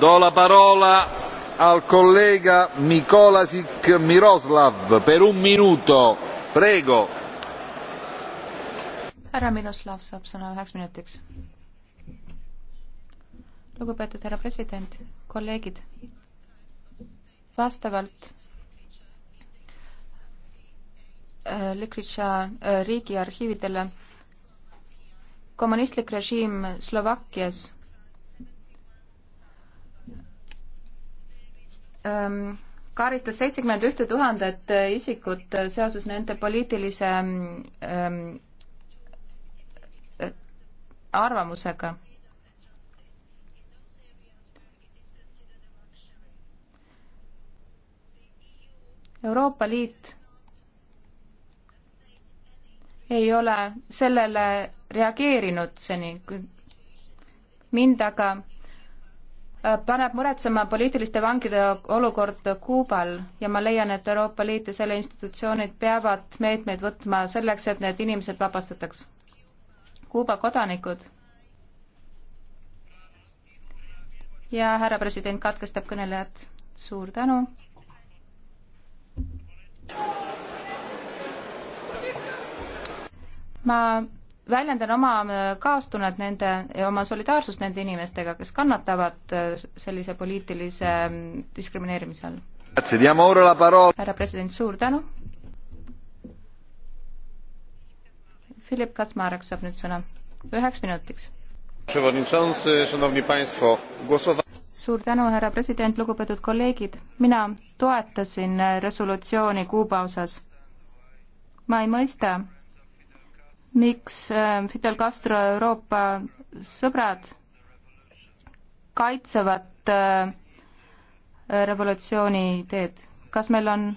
Do la parola al collega Mikolasik Miroslav per un minuto. Prego. härra Miroslav saab sõna üheks minutiks. lugupeetud härra president, kolleegid, vastavalt äh, Likritša äh, riigiarhiividele kommunistlik režiim Slovakkias Ähm, karistas seitsekümmend ühte tuhandet äh, isikut äh, seoses nende poliitilise ähm, äh, arvamusega. Euroopa Liit ei ole sellele reageerinud seni, mind aga paneb muretsema poliitiliste vangide olukord Kuubal ja ma leian, et Euroopa Liit ja selle institutsioonid peavad meetmeid võtma selleks, et need inimesed vabastataks. Kuuba kodanikud ja härra president katkestab kõnelejat. suur tänu. ma väljendan oma äh, kaastunnet nende ja oma solidaarsust nende inimestega, kes kannatavad äh, sellise poliitilise mm, diskrimineerimise all. härra president, suur tänu. Filip Kaczmarek saab nüüd sõna üheks minutiks. suur tänu, härra president, lugupeetud kolleegid, mina toetasin resolutsiooni Kuuba osas. ma ei mõista, miks ähm, Fidel Castro Euroopa sõbrad kaitsevad äh, revolutsiooni ideed. kas meil on,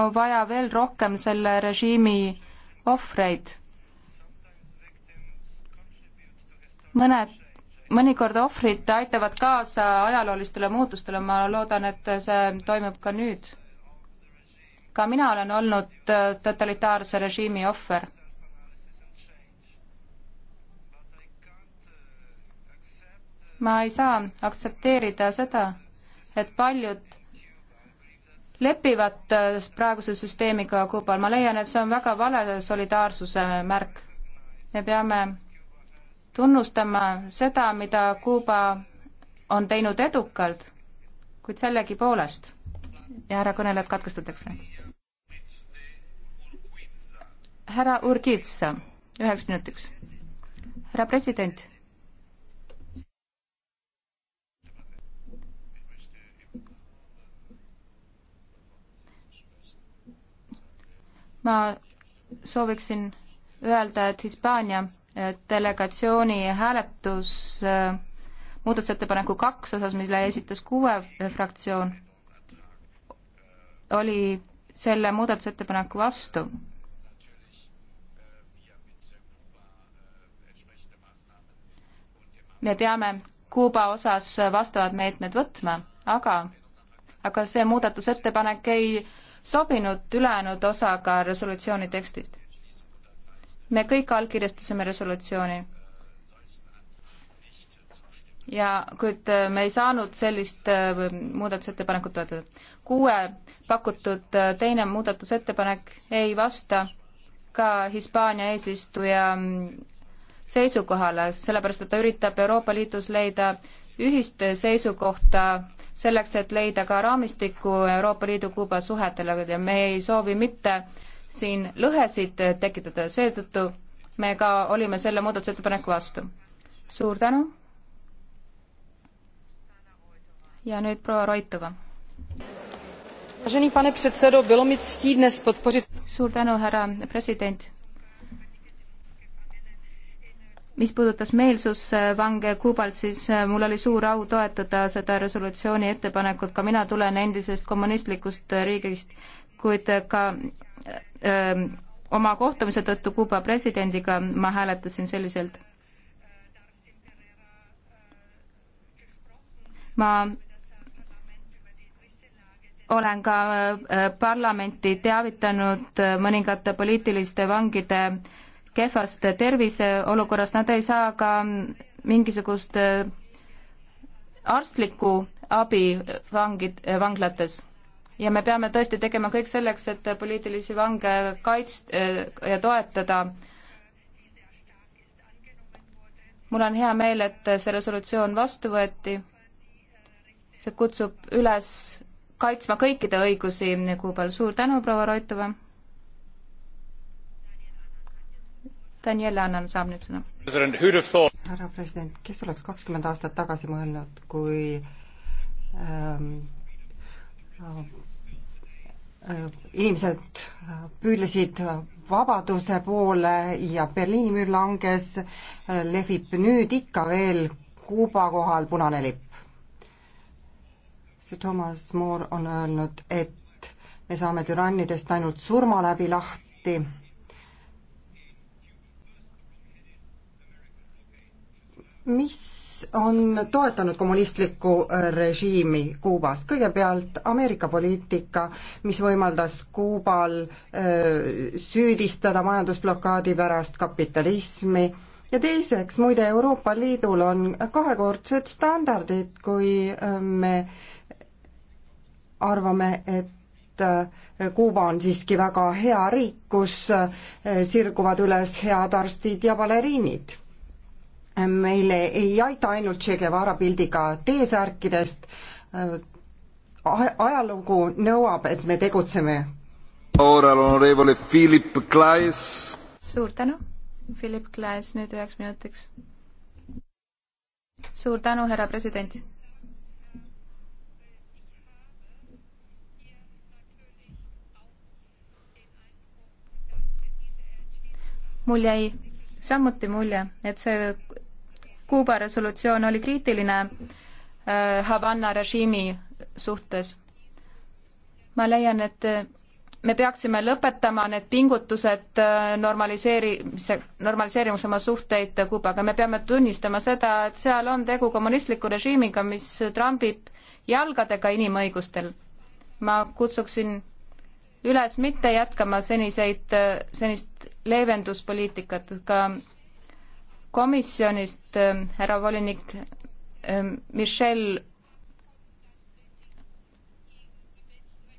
on vaja veel rohkem selle režiimi ohvreid? mõned, mõnikord ohvrid aitavad kaasa ajaloolistele muutustele, ma loodan, et see toimub ka nüüd. ka mina olen olnud äh, totalitaarse režiimi ohver ma ei saa aktsepteerida seda, et paljud lepivad äh, praeguse süsteemiga Kuubal, ma leian, et see on väga vale solidaarsuse märk. me peame tunnustama seda, mida Kuuba on teinud edukalt, kuid sellegipoolest ja härra kõnelejad katkestatakse. härra Urgits, üheks minutiks. härra president ma sooviksin öelda, et Hispaania eh, delegatsiooni hääletus eh, muudatusettepaneku kaks osas, mille esitas kuue eh, fraktsioon, oli selle muudatusettepaneku vastu. me peame Kuuba osas vastavad meetmed võtma, aga, aga see muudatusettepanek ei äh, sobinud ülejäänud osaga resolutsiooni tekstist. me kõik allkirjastasime resolutsiooni. ja kuid äh, me ei saanud sellist äh, muudatusettepanekut toetada. kuue pakutud äh, teine muudatusettepanek ei vasta ka Hispaania eesistuja mm, seisukohale, sellepärast et ta üritab Euroopa Liidus leida ühist seisukohta selleks, et leida ka raamistikku Euroopa Liidu-Kuuba suhetele ja me ei soovi mitte siin lõhesid tekitada, seetõttu me ka olime selle muudatusettepaneku vastu. suur tänu. ja nüüd proua Roitova. suur tänu, härra president mis puudutas meelsusvange Kuubalt, siis äh, mul oli suur au toetada seda resolutsiooni ettepanekut, ka mina tulen endisest kommunistlikust riigist, kuid äh, ka öö, äh, oma kohtumise tõttu Kuuba presidendiga ma hääletasin selliselt. ma olen ka parlamenti teavitanud mõningate poliitiliste vangide öö, kehvast terviseolukorrast, nad ei saa ka mingisugust äh, arstlikku abi vangid, äh, vanglates. ja me peame tõesti tegema kõik selleks, et poliitilisi vange kaitst- äh, ja toetada. mul on hea meel, et see resolutsioon vastu võeti. see kutsub üles kaitsma kõikide õigusi Kuubal. suur tänu, proua Roitova! Daniel Annan saab nüüd sõna. härra president, kes oleks kakskümmend aastat tagasi mõelnud, kui ähm, äh, inimesed äh, püüdlesid äh, vabaduse poole ja Berliini müür langes äh,, lehvib nüüd ikka veel Kuuba kohal punane lipp. Sir Thomas More on öelnud, et me saame türannidest ainult surma läbi lahti mis on toetanud kommunistlikku äh, režiimi Kuubas? kõigepealt Ameerika poliitika, mis võimaldas Kuubal äh, süüdistada majandusblokaadi pärast kapitalismi ja teiseks, muide, Euroopa Liidul on kahekordsed standardid, kui äh, me arvame, et Kuuba on siiski väga hea riik, kus sirguvad üles head arstid ja baleriinid meile ei aita ainult Che Guevara pildiga T-särkidest, ajalugu nõuab, et me tegutseme. suur tänu, Philip Klaas, nüüd üheks minutiks. suur tänu, härra president. mul jäi samuti mulje, et see Kuuba resolutsioon oli kriitiline äh, Havana režiimi suhtes. ma leian, et me peaksime lõpetama need pingutused äh, normaliseerimise, normaliseerimas oma suhteid Kuubaga, me peame tunnistama seda, et seal on tegu kommunistliku režiimiga, mis trambib jalgadega inimõigustel. ma kutsuksin üles mitte jätkama seniseid, senist leevenduspoliitikat. ka komisjonist äh, härra volinik äh, Michel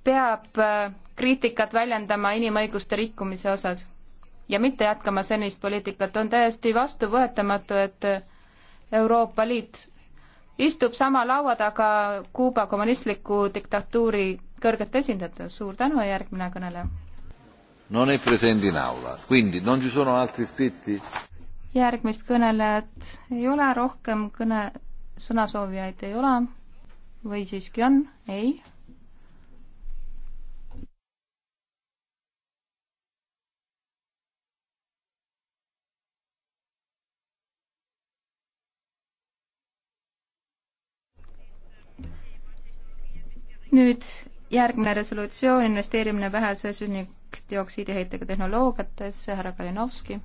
peab äh, kriitikat väljendama inimõiguste rikkumise osas ja mitte jätkama senist poliitikat. on täiesti vastuvõetamatu, et Euroopa Liit istub sama laua taga Kuuba kommunistliku diktatuuri kõrget esindajat, suur tänu ja järgmine kõneleja. Non è presente in aula, quindi non ci sono altri iscritti? järgmist kõnelejat ei ole, rohkem kõne, sõnasoovijaid ei ole või siiski on, ei? nüüd järgmine resolutsioon, investeerimine vähese sünnikdioksiidi heitega tehnoloogiatesse, härra Kalinovski.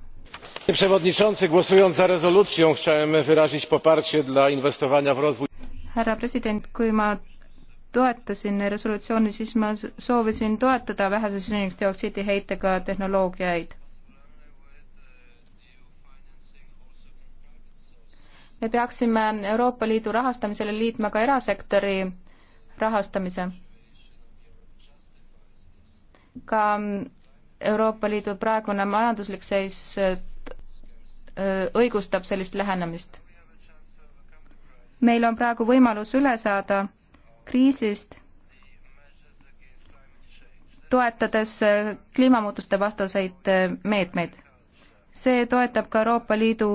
Panie przewodniczący, głosując za rezolucją chciałem wyrazić poparcie dla inwestowania w rozwój. Härra president, kui ma toetasin resolutsiooni, siis ma soovisin toetada vähese sünnikdioksiidi heitega tehnoloogiaid. me peaksime Euroopa Liidu rahastamisele liitma ka erasektori rahastamise ka Euroopa Liidu praegune majanduslik seis äh, õigustab sellist lähenemist. meil on praegu võimalus üle saada kriisist, toetades äh, kliimamuutuste vastaseid äh, meetmeid. see toetab ka Euroopa Liidu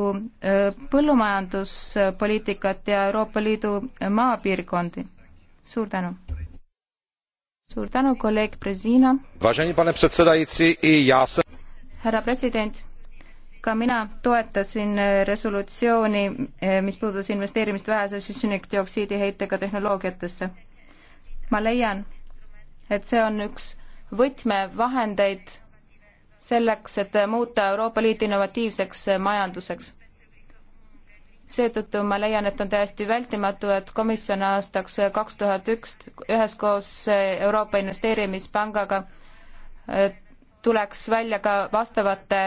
põllumajanduspoliitikat ja Euroopa Liidu maapiirkondi. suur tänu! suur tänu, kolleeg Brezina. härra president, ka mina toetasin äh, resolutsiooni, äh, mis puudutas investeerimist vähese süsinikdioksiidi heitega tehnoloogiatesse. ma leian, et see on üks võtmevahendeid selleks, et muuta Euroopa Liit innovatiivseks äh, majanduseks seetõttu ma leian, et on täiesti vältimatu, et komisjon aastaks kaks tuhat üks üheskoos Euroopa Investeerimispangaga äh, tuleks välja ka vastavate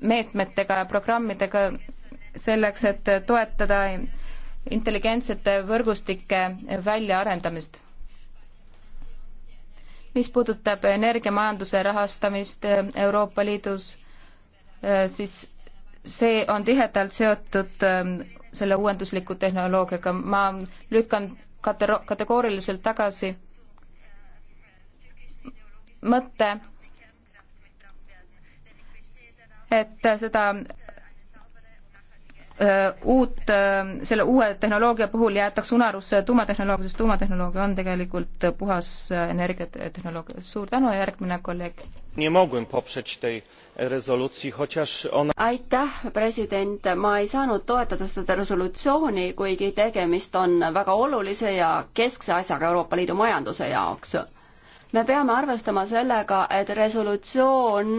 meetmetega ja programmidega selleks, et toetada intelligentsete võrgustike väljaarendamist. mis puudutab energiamajanduse rahastamist Euroopa Liidus, äh, siis see on tihedalt seotud ähm, selle uuendusliku tehnoloogiaga. ma lükkan kate-, kategooriliselt tagasi mõtte, et seda Äh, uut, äh, selle uue tehnoloogia puhul jäetakse unarusse tuumatehnoloogia, sest tuumatehnoloogia on tegelikult puhas äh, energiatehnoloogia. suur tänu ja järgmine kolleeg. Ona... aitäh, president, ma ei saanud toetada seda resolutsiooni, kuigi tegemist on väga olulise ja keskse asjaga Euroopa Liidu majanduse jaoks. me peame arvestama sellega, et resolutsioon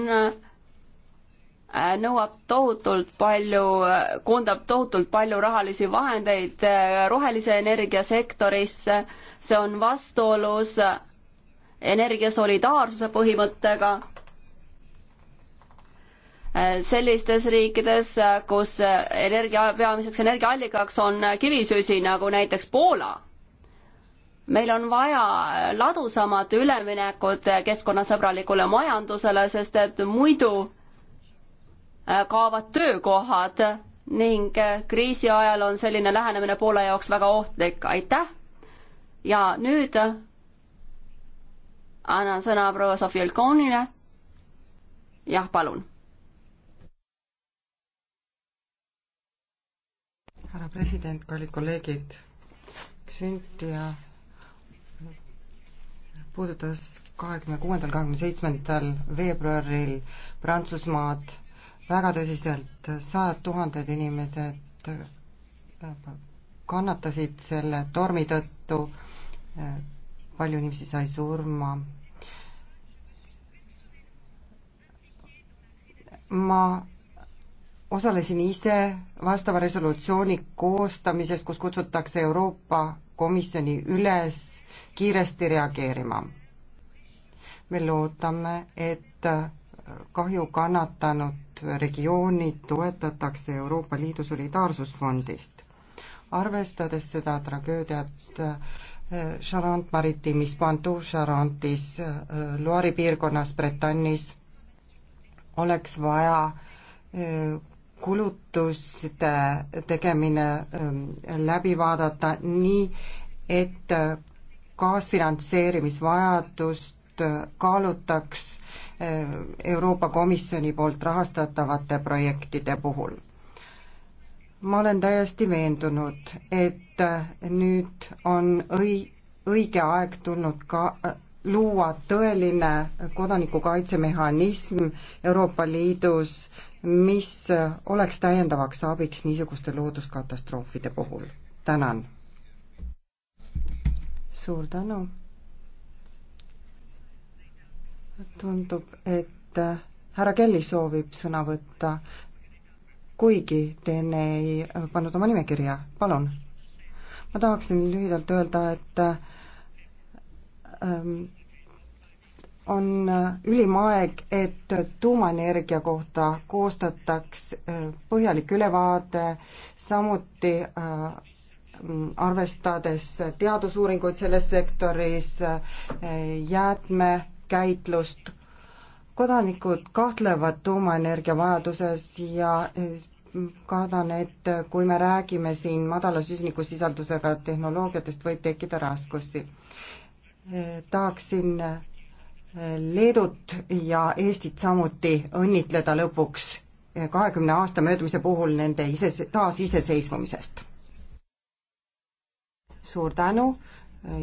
Äh, nõuab tohutult palju, äh, koondab tohutult palju rahalisi vahendeid äh, rohelise energia sektorisse, see on vastuolus energiasolidaarsuse põhimõttega. sellistes riikides, kus energia, peamiseks energiaallikaks on kivisüsi, nagu näiteks Poola, meil on vaja ladusamat üleminekut keskkonnasõbralikule majandusele, sest et muidu Äh, kaovad töökohad ning äh, kriisi ajal on selline lähenemine Poola jaoks väga ohtlik, aitäh. ja nüüd äh, annan sõna proua Sofia Elkonile. jah, palun. härra president, kallid kolleegid, Xüntia puudutas kahekümne kuuendal, kahekümne seitsmendal veebruaril Prantsusmaad väga tõsiselt, sajad tuhanded inimesed äh, kannatasid selle tormi tõttu, äh, palju inimesi sai surma. ma osalesin ise vastava resolutsiooni koostamises, kus kutsutakse Euroopa Komisjoni üles kiiresti reageerima. me loodame, et kahju kannatanud regioonid toetatakse Euroopa Liidu solidaarsusfondist. arvestades seda tragöödiat eh, Charente Maritimis, Pantou Charente'is, eh, Loari piirkonnas Bretagne'is, oleks vaja eh, kulutuste tegemine läbi vaadata nii, et kaasfinantseerimisvajadust kaalutaks eh, Euroopa Komisjoni poolt rahastatavate projektide puhul. ma olen täiesti veendunud, et eh, nüüd on õi-, õige aeg tulnud ka eh, luua tõeline kodanikukaitsemehhanism Euroopa Liidus, mis oleks täiendavaks abiks niisuguste looduskatastroofide puhul. tänan! suur tänu! tundub, et äh, härra Kelly soovib sõna võtta, kuigi te enne ei äh, pannud oma nimekirja, palun. ma tahaksin lühidalt öelda, et äh, ähm, on ülim aeg, et tuumaenergia kohta koostataks põhjalik ülevaade, samuti arvestades teadusuuringuid selles sektoris, jäätme käitlust. kodanikud kahtlevad tuumaenergia vajaduses ja eh, kardan, et kui me räägime siin madala süsinikusisaldusega tehnoloogiatest, võib tekkida raskusi. Eh, tahaksin eh, Leedut ja Eestit samuti õnnitleda lõpuks kahekümne aasta möödumise puhul nende ise, taasiseseisvumisest. suur tänu,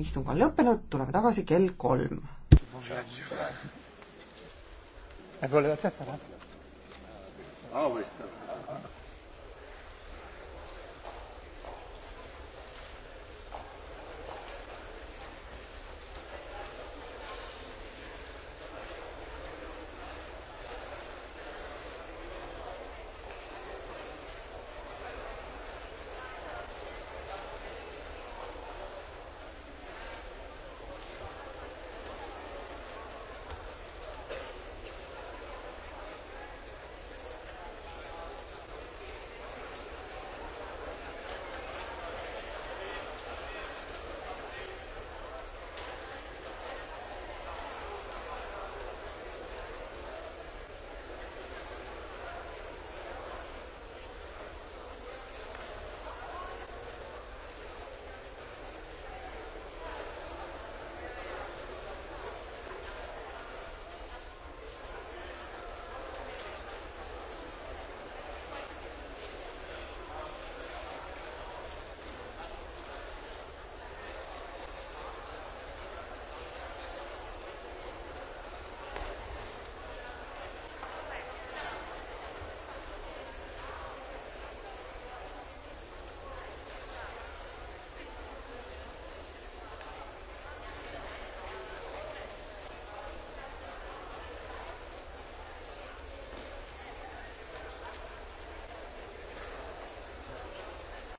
istung on lõppenud, tuleme tagasi kell kolm E voleva testa, no? Ah, oh, oui.